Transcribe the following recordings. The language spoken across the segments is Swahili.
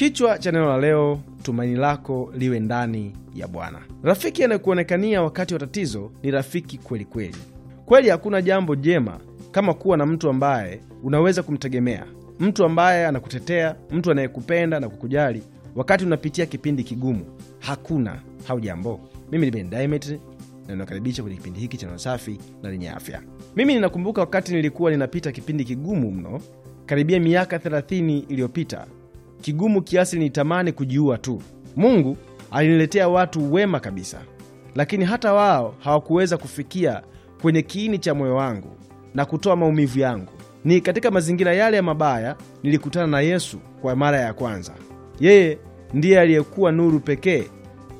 Kichwa cha neno la leo: tumaini lako liwe ndani ya Bwana. Rafiki anayekuonekania wakati wa tatizo ni rafiki kweli kweli. Kweli hakuna jambo jema kama kuwa na mtu ambaye unaweza kumtegemea, mtu ambaye anakutetea, mtu anayekupenda na kukujali wakati unapitia kipindi kigumu. Hakuna hau jambo. Mimi ni na ninakaribisha kwenye kipindi hiki cha neno safi na lenye afya. Mimi ninakumbuka wakati nilikuwa ninapita kipindi kigumu mno, karibia miaka 30 iliyopita kigumu kiasi nitamani kujiua tu. Mungu aliniletea watu wema kabisa, lakini hata wao hawakuweza kufikia kwenye kiini cha moyo wangu na kutoa maumivu yangu. Ni katika mazingira yale ya mabaya nilikutana na Yesu kwa mara ya kwanza. Yeye ndiye aliyekuwa nuru pekee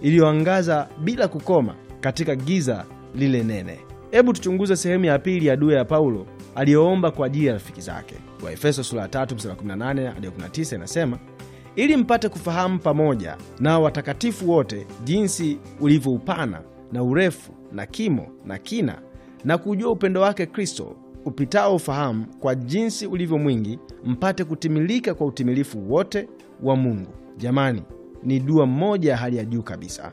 iliyoangaza bila kukoma katika giza lile nene. Hebu tuchunguze sehemu ya pili ya dua ya Paulo aliyoomba kwa ajili ya rafiki zake. Waefeso sura ya 3 mstari 18 hadi 19 inasema ili mpate kufahamu pamoja na watakatifu wote jinsi ulivyo upana na urefu na kimo na kina, na kujua upendo wake Kristo upitao ufahamu, kwa jinsi ulivyo mwingi, mpate kutimilika kwa utimilifu wote wa Mungu. Jamani, ni dua moja ya hali ya juu kabisa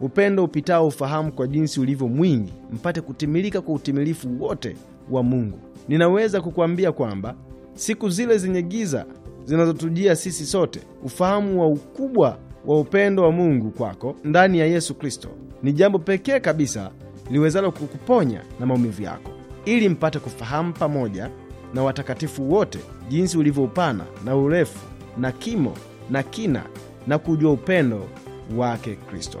upendo upitao ufahamu kwa jinsi ulivyo mwingi, mpate kutimilika kwa utimilifu wote wa Mungu. Ninaweza kukwambia kwamba siku zile zenye giza zinazotujia sisi sote, ufahamu wa ukubwa wa upendo wa Mungu kwako ndani ya Yesu Kristo ni jambo pekee kabisa liwezalo kukuponya na maumivu yako, ili mpate kufahamu pamoja na watakatifu wote jinsi ulivyo upana na urefu na kimo na kina na kujua upendo wake Kristo.